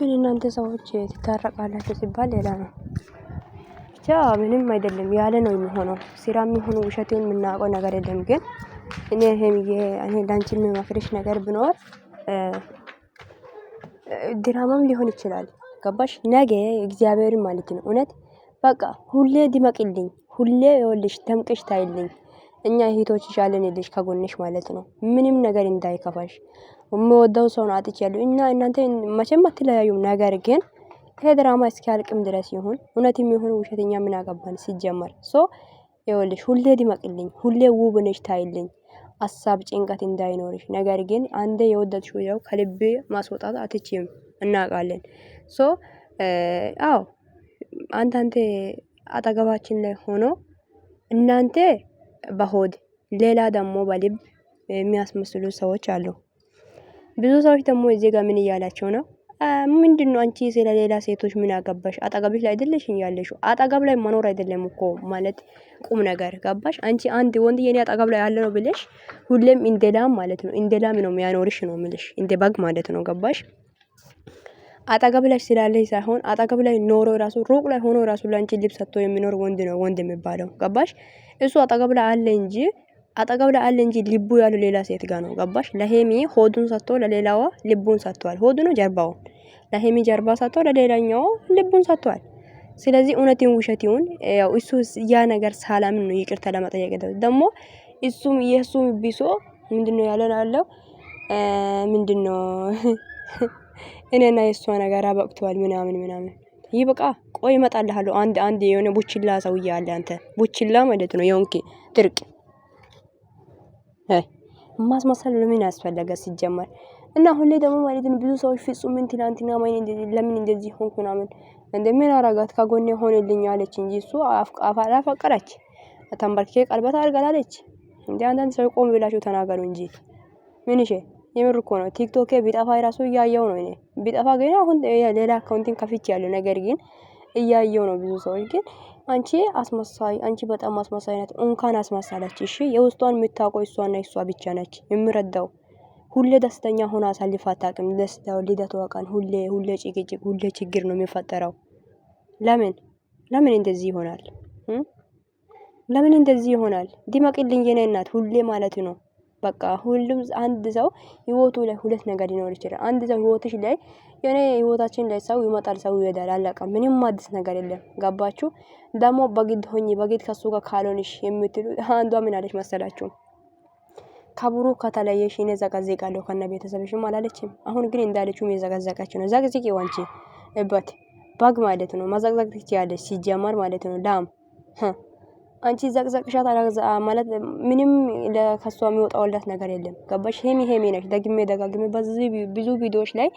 ግን እናንተ ሰዎች ትታረቃላችሁ ሲባል ሌላ ነው። ብቻ ምንም አይደለም ያለ ነው የሚሆነው። ስራ የሚሆኑ ውሸቴን የምናውቀው ነገር የለም። ግን እኔ ሀይሚዬ እኔ ላንቺ የምመክርሽ ነገር ብኖር ድራማም ሊሆን ይችላል። ገባሽ? ነገ እግዚአብሔር ማለት ነው እውነት በቃ ሁሌ ድመቅልኝ፣ ሁሌ ይወልሽ ደምቅሽ ታይልኝ። እኛ እህቶችሽ አለንልሽ ከጎንሽ ማለት ነው። ምንም ነገር እንዳይከፋሽ የምወደው ሰውን አጥቻለሁ እና እናንተ መቼም አትለያዩም። ነገር ግን ይሄ ድራማ እስኪያልቅም ድረስ ይሁን እውነትም ይሁን ውሸተኛ ምን አገባን ሲጀመር። ሶ ይኸውልሽ ሁሌ ድመቅልኝ፣ ሁሌ ውብ ነሽ ታይልኝ፣ አሳብ ጭንቀት እንዳይኖርሽ። ነገር ግን አንዴ የወደድሽው ያው ከልቤ ማስወጣት አትችም፣ እናውቃለን። ሶ አዎ አንዳንዴ አጠገባችን ላይ ሆኖ እናንተ በሆድ ሌላ ደግሞ በልብ የሚያስመስሉ ሰዎች አሉ። ብዙ ሰዎች ደግሞ እዚህ ጋር ምን እያላቸው ነው? ምንድን ነው አንቺ ስለ ሌላ ሴቶች ምን አገባሽ? አጠገብሽ ላይ አይደለሽ እያለሽ አጠገብ ላይ መኖር አይደለም እኮ ማለት ቁም ነገር ገባሽ? አንቺ አንድ ወንድ የኔ አጠገብ ላይ ያለ ነው ብለሽ ሁሌም እንደላም ማለት ነው እንደላም ነው የሚያኖርሽ ነው ምልሽ፣ እንደ በግ ማለት ነው ገባሽ? አጠገብ ላይ ስላለሽ ሳይሆን አጠገብ ላይ ኖሮ ራሱ ሩቅ ላይ ሆኖ ራሱ ላንቺ ልብስ ሰጥቶ የሚኖር ወንድ ነው ወንድ የሚባለው ገባሽ? እሱ አጠገብ ላይ አለ እንጂ አጠገብ ላይ እንጂ ልቡ ያለው ሌላ ሴት ጋር ነው። ገባሽ? ለሄሚ ሆዱን ሰጥቶ ለሌላዋ ልቡን ሰጥቷል። ሆዱ ነው ጀርባው። ለሄሚ ጀርባ ሰጥቶ ለሌላኛው ልቡን ሰጥቷል። ስለዚህ እውነትን ውሸት ይሁን ያው እሱ ያ ነገር ሰላምን ነው ይቅርታ ለመጠየቅ ደግሞ እሱም የእሱም ቢሶ ምንድነው ያለን አለው ምንድነው እኔና የእሷ ነገር አበቅቷል ምናምን ምናምን ይህ በቃ ቆይ እመጣልሃለሁ። አንድ አንድ የሆነ ቡችላ ሰውዬ አለ አንተ ቡችላ ማለት ነው የሆንኪ ድርቅ ማስመሰል ለምን አስፈለገ ሲጀመር? እና ሁሌ ደግሞ ማለት ነው ብዙ ሰዎች ፍጹም ምን ትላንትና ለምን እንደዚህ ሆንኩ ምናምን እንደምን አረጋት ከጎኔ ሆነልኝ አለች እንጂ እሱ አላፈቀረች። ተንበርክኬ ቀለበት አርጋላለች እንደ አንዳንድ ሰው ቆም ብላችሁ ተናገሩ እንጂ ምን ይሄ የምር እኮ ነው። ቲክቶክ ቢጠፋ የራሱ እያየው ነው። እኔ ቢጠፋ ግን አሁን ሌላ አካውንቲን ከፍቼ ያለው ነገር ግን እያየው ነው። ብዙ ሰዎች ግን አንቺ አስመሳይ፣ አንቺ በጣም አስመሳይ ናት። እንኳን አስመሳለች። እሺ የውስጧን የምታውቀው እሷና እሷ ብቻ ነች። የምረዳው ሁሌ ደስተኛ ሆና አሳልፋ አታውቅም። ደስታው ልደቷ ቀን ሁሌ ሁሌ ጭቅጭቅ፣ ሁሌ ችግር ነው የሚፈጠረው። ለምን ለምን እንደዚህ ይሆናል? ለምን እንደዚህ ይሆናል? ዲመቅልኝ የኔ እናት፣ ሁሌ ማለት ነው። በቃ ሁሉም አንድ ሰው ህይወቱ ላይ ሁለት ነገር ሊኖር ይችላል። አንድ ሰው ህይወትሽ ላይ የሆነ ህይወታችን ላይ ሰው ይመጣል፣ ሰው ይሄዳል፣ አለቀ። ምንም አዲስ ነገር የለም። ገባችሁ? ደግሞ በግድ ሆኝ በግድ ከሱ ጋር ካልሆንሽ የምትሉ አንዷ ምን አለች መሰላችሁ? ከብሩ ከተለየሽ እኔ ዘቀዝቃለሁ ከነ ቤተሰብሽም አላለችም። አሁን ግን እንዳለችው የዘቀዘቀችው ነው። ዘቅዝቅ ይዋንቺ እበት ባግ ማለት ነው። መዘቅዘቅ ትችያለሽ ሲጀመር ማለት ነው። ዳም አንቺ ዘቅዘቅሻት ማለት ምንም ለከሷ ከሷ የሚወጣውላት ነገር የለም። ገባሽ? ሄሚ ሄሚ ነሽ። ደግሜ ደጋግሜ በዚህ ብዙ ቪዲዮዎች ላይ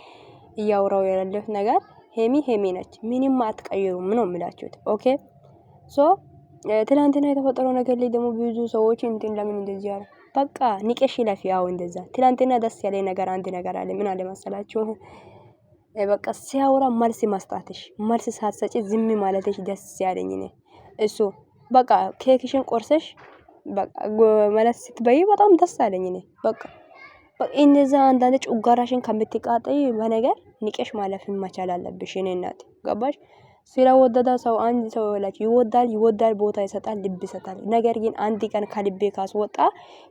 እያወራው ያለሁት ነገር ሄሚ ሄሚ ነች። ምንም አትቀይሩም ነው የምላችሁት። ኦኬ ሶ ትላንትና የተፈጠረው ነገር ላይ ደግሞ ብዙ ሰዎች እንትን ለምን እንደዚህ ያለ በቃ ንቄሽ ይለፍ። አው እንደዛ ትላንትና ደስ ያለ ነገር አንድ ነገር አለ። ምን አለ መሰላችሁ? በቃ ሲያወራ መልስ ማስጣትሽ፣ መልስ ሳትሰጪ ዝም ማለትሽ ደስ ያለኝ እኔ እሱ በቃ ኬክሽን ቆርሰሽ በቃ መለስ ስትበይ በጣም ደስ ያለኝ እኔ በቃ እንደዛ አንዳንዴ ጮጋራሽን ከምትቃጠይ በነገር ንቄሽ ማለፍ መቻል አለብሽ። እኔ እናት ገባሽ? ስራ ወደዳ ሰው አንድ ሰው ላች ይወዳል ይወዳል ቦታ ይሰጣል ልብ ይሰጣል። ነገር ግን አንድ ቀን ከልቤ ካስወጣ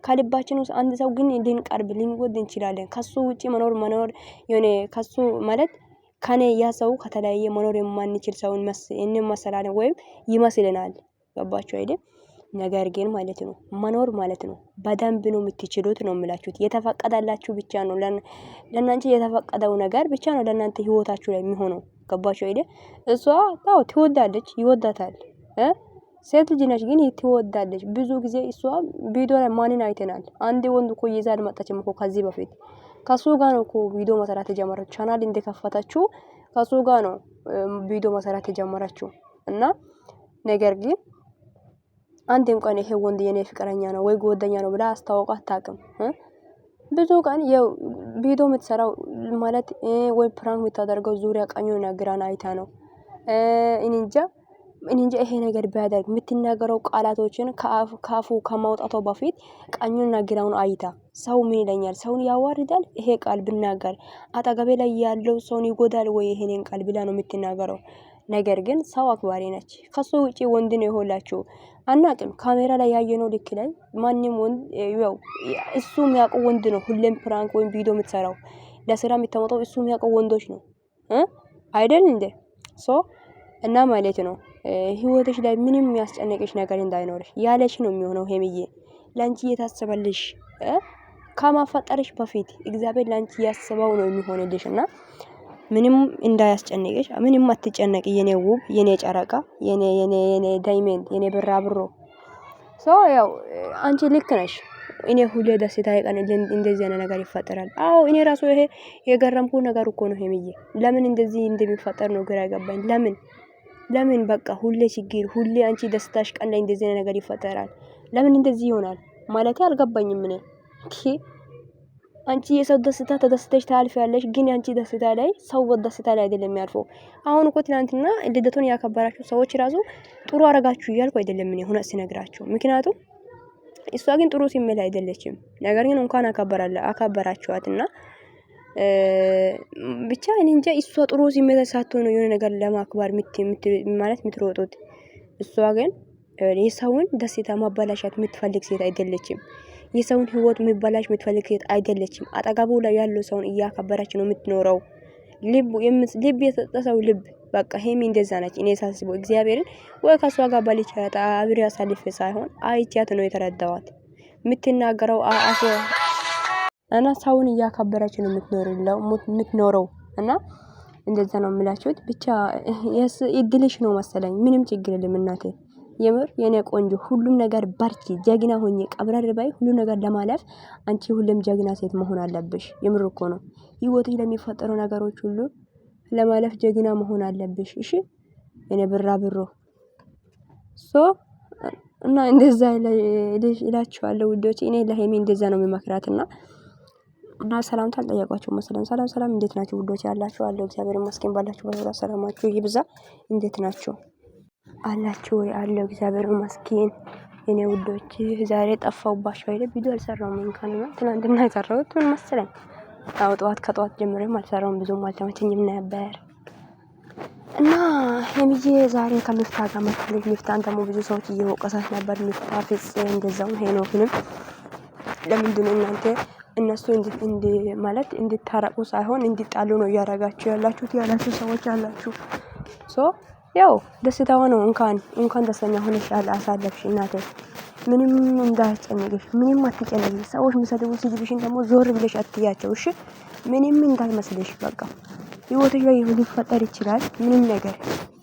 ከልባችን ውስጥ አንድ ሰው ግን ልንቀርብ ልንወድ እንችላለን። ከሱ ውጭ መኖር መኖር የሆነ ከሱ ማለት ከኔ ያ ሰው ከተለያየ መኖር የማንችል ሰውን መሰላለን ወይም ይመስልናል። ገባችሁ አይደል? ነገር ግን ማለት ነው መኖር ማለት ነው በደንብ ነው የምትችሉት ነው የምላችሁት። የተፈቀደላችሁ ብቻ ነው ለእናንተ የተፈቀደው ነገር ብቻ ነው ለእናንተ ህይወታችሁ ላይ የሚሆነው። ገባችሁ አይደ? እሷ ታው ትወዳለች፣ ይወዳታል። ሴት ልጅ ነች ግን ትወዳለች። ብዙ ጊዜ እሷ ቪዲዮ ላይ ማንን አይተናል? አንድ ወንድ እኮ ይዛ አልመጣችም እኮ ከዚህ በፊት ከሱ ጋር ነው እኮ ቪዲዮ መሰራት የጀመረችው። ቻናል እንደከፈታችሁ ከሱ ጋር ነው ቪዲዮ መሰራት የጀመረችው እና ነገር ግን አንድ እንኳን ይሄ ወንድ የኔ ፍቅረኛ ነው ወይ ጎደኛ ነው ብላ አስታውቃ አታውቅም። ብዙ ቀን የው ቪዲዮ የምትሰራው ማለት ወይ ፕራንክ የምታደርገው ዙሪያ ቀኙ ግራን አይታ ነው። እንጃ እንጃ ይሄ ነገር ቢያደርግ የምትናገረው ቃላቶችን ከአፉ ከማውጣቷ በፊት ቀኙን ግራውን አይታ ሰው ምን ይለኛል፣ ሰውን ያዋርዳል፣ ይሄ ቃል ብናገር አጠገቤ ላይ ያለው ሰውን ይጎዳል ወይ ይሄንን ቃል ብላ ነው የምትናገረው። ነገር ግን ሰው አክባሪ ነች። ከሱ ውጪ ወንድ ነው የሆላችሁ አናቅም። ካሜራ ላይ ያየነው ልክ ላይ ማንም ወንድ ያው እሱ የሚያውቀው ወንድ ነው። ሁሌም ፕራንክ ወይም ቪዲዮ የምትሰራው ለስራ የምታመጣው እሱ የሚያውቀው ወንዶች ነው አይደል እንዴ? ሶ እና ማለት ነው ህይወትሽ ላይ ምንም የሚያስጨነቅሽ ነገር እንዳይኖርሽ ያለሽ ነው የሚሆነው። ሄምዬ ለአንቺ እየታሰበልሽ ከማፈጠርሽ በፊት እግዚአብሔር ለአንቺ ያስበው ነው የሚሆንልሽ እና ምንም እንዳያስጨንቅሽ፣ ምንም አትጨነቅ የኔ ውብ፣ የኔ ጨረቃ፣ የኔ የኔ የኔ ዳይመንድ፣ የኔ ብራብሮ። ሶ ያው አንቺ ልክ ነሽ። እኔ ሁሌ ደስታ ይቀን እንደዚህ አይነት ነገር ይፈጠራል። አዎ እኔ ራሱ ይሄ የገረምኩ ነገር እኮ ነው። ሄምዬ ለምን እንደዚህ እንደሚፈጠር ነው ግራ ያገባኝ። ለምን ለምን በቃ ሁሌ ችግር፣ ሁሌ አንቺ ደስታሽ ቀን ላይ እንደዚህ ነገር ይፈጠራል። ለምን እንደዚህ ይሆናል ማለት አልገባኝም። ምን አንቺ የሰው ደስታ ተደስተሽ ታልፊያለሽ፣ ግን አንቺ ደስታ ላይ ሰው ደስታ ላይ አይደለም ያልፈው። አሁን እኮ ትናንትና ልደቱን ያከበራችሁ ሰዎች ራሱ ጥሩ አረጋችሁ እያልኩ አይደለም እኔ ሁነት ሲነግራችሁ፣ ምክንያቱም እሷ ግን ጥሩ ሲሜት አይደለችም። ነገር ግን እንኳን አከበራለ አከበራችኋትና ብቻ እኔ እንጃ እሷ ጥሩ ሲሜት ሳትሆን የሆነ ነገር ለማክበር ምት ማለት ምትሮጡት እሷ ግን የሰውን ደስታ ማበላሻት የምትፈልግ ሴት አይደለችም። የሰውን ህይወት የሚበላሽ የምትፈልግ ሴት አይደለችም። አጠገቡ ላይ ያለው ሰውን እያከበረች ነው የምትኖረው። ልብ የሰጠ ሰው ልብ በቃ ሄሚ እንደዛ ነች። እኔ ሳስበው እግዚአብሔርን ወይ ከሷ ጋር በልቻ አብሬ አሳልፌ ሳይሆን አይቻት ነው የተረዳዋት። የምትናገረው አሶ እና ሰውን እያከበረች ነው የምትኖረው እና እንደዛ ነው የምላችሁት። ብቻ እድልሽ ነው መሰለኝ። ምንም ችግር የለም እናቴ። የምር የኔ ቆንጆ ሁሉም ነገር በርቺ፣ ጀግና ሆኜ ቀብረር ባይ ሁሉ ነገር ለማለፍ አንቺ ሁሉም ጀግና ሴት መሆን አለብሽ። የምር እኮ ነው። ህይወትሽ ለሚፈጠሩ ነገሮች ሁሉ ለማለፍ ጀግና መሆን አለብሽ። እሺ የኔ ብራ ብሮ ሶ እና እንደዛ ይላችኋለሁ ውዶች። እኔ ለሄሜ እንደዛ ነው የምመክራት እና እና ሰላምታ አልጠየቋችሁ መሰለን። ሰላም ሰላም፣ እንዴት ናችሁ ውዶች? ያላችሁ አለው እግዚአብሔር ይመስገን። ባላችሁ በሰላማችሁ ይብዛ። እንዴት ናችሁ? አላችሁ ወይ? አለው እግዚአብሔር ይመስገን። እኔ ውዶች ዛሬ ጠፋውባቸው አይደል? ቪዲዮ አልሰራውም። እንኳን ነው ትናንትና የሰራሁት ምን መሰለኝ፣ አዎ ጠዋት ከጠዋት ጀምሬም አልሰራውም ብዙም አልተመቸኝም ነበር እና የሚዬ ዛሬ ከሚፍታ ጋር መታለች። ሚፍታን ደግሞ ብዙ ሰዎች እየወቀሳት ነበር። ሚፍታ ፍጽ እንደዛውን ሄኖክንም ለምንድን ነው እናንተ እነሱ ማለት እንድታረቁ ሳይሆን እንዲጣሉ ነው እያደረጋችሁ ያላችሁት ያላችሁ ሰዎች አላችሁ ሶ ያው ደስታ ሆነው እንኳን እንኳን ደስተኛ ሆነሽ አሳለፍሽ እናቴ ምንም እንዳያስጨንቅሽ ምንም አትጨነቂ። ሰዎች መሰደቡ ስድብሽን ደግሞ ዞር ብለሽ አትያቸው እሺ። ምንም እንዳልመስልሽ በቃ ህይወትሽ ላይ ይሁን ሊፈጠር ይችላል ምንም ነገር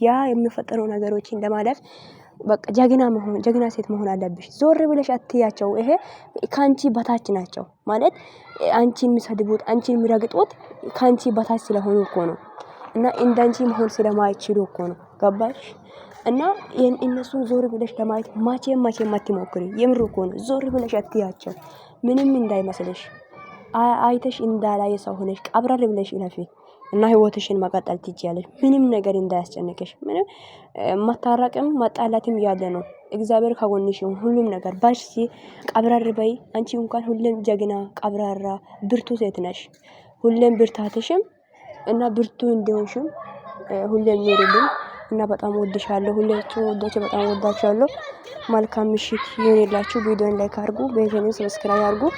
ያ የሚፈጠሩ ነገሮችን ለማለፍ በቃ ጀግና መሆን ጀግና ሴት መሆን አለብሽ። ዞር ብለሽ አትያቸው። ይሄ ካንቺ በታች ናቸው ማለት አንቺን የሚሰድቡት አንቺን የሚረግጡት ካንቺ በታች ስለሆኑ እኮ ነው እና እንዳንቺ መሆን ስለማይችሉ እኮ ነው። ገባሽ? እና ይሄን እነሱን ዞር ብለሽ ለማየት መቼም መቼም አትሞክሪ። የምር እኮ ነው። ዞር ብለሽ አትያቸው። ምንም እንዳይመስልሽ። አይተሽ እንዳላየ ሰው ሆነሽ ቀብረር ብለሽ እለፊ እና ህይወትሽን መቀጠል ትችያለሽ። ምንም ነገር እንዳያስጨንቅሽ። ምንም መታረቅም መጣላትም ያለ ነው። እግዚአብሔር ከጎንሽ ይሁን። ሁሉም ነገር ባሽ ሲ ቀብረር በይ። አንቺ እንኳን ሁሌም ጀግና፣ ቀብራራ፣ ብርቱ ሴት ነሽ። ሁሌም ብርታትሽም እና ብርቱ እንደሆንሽም ሁሌም ኑሪልን እና በጣም ወድሻለሁ። ሁላችሁ ወዳችሁ በጣም ወዳችኋለሁ። መልካም ምሽት ይሁንላችሁ። ቪዲዮን ላይክ አድርጉ፣ ቤተኔን ሰብስክራይብ አድርጉ።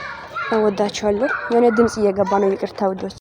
ወዳችኋለሁ። የሆነ ድምጽ እየገባ ነው። ይቅርታ ውዶች።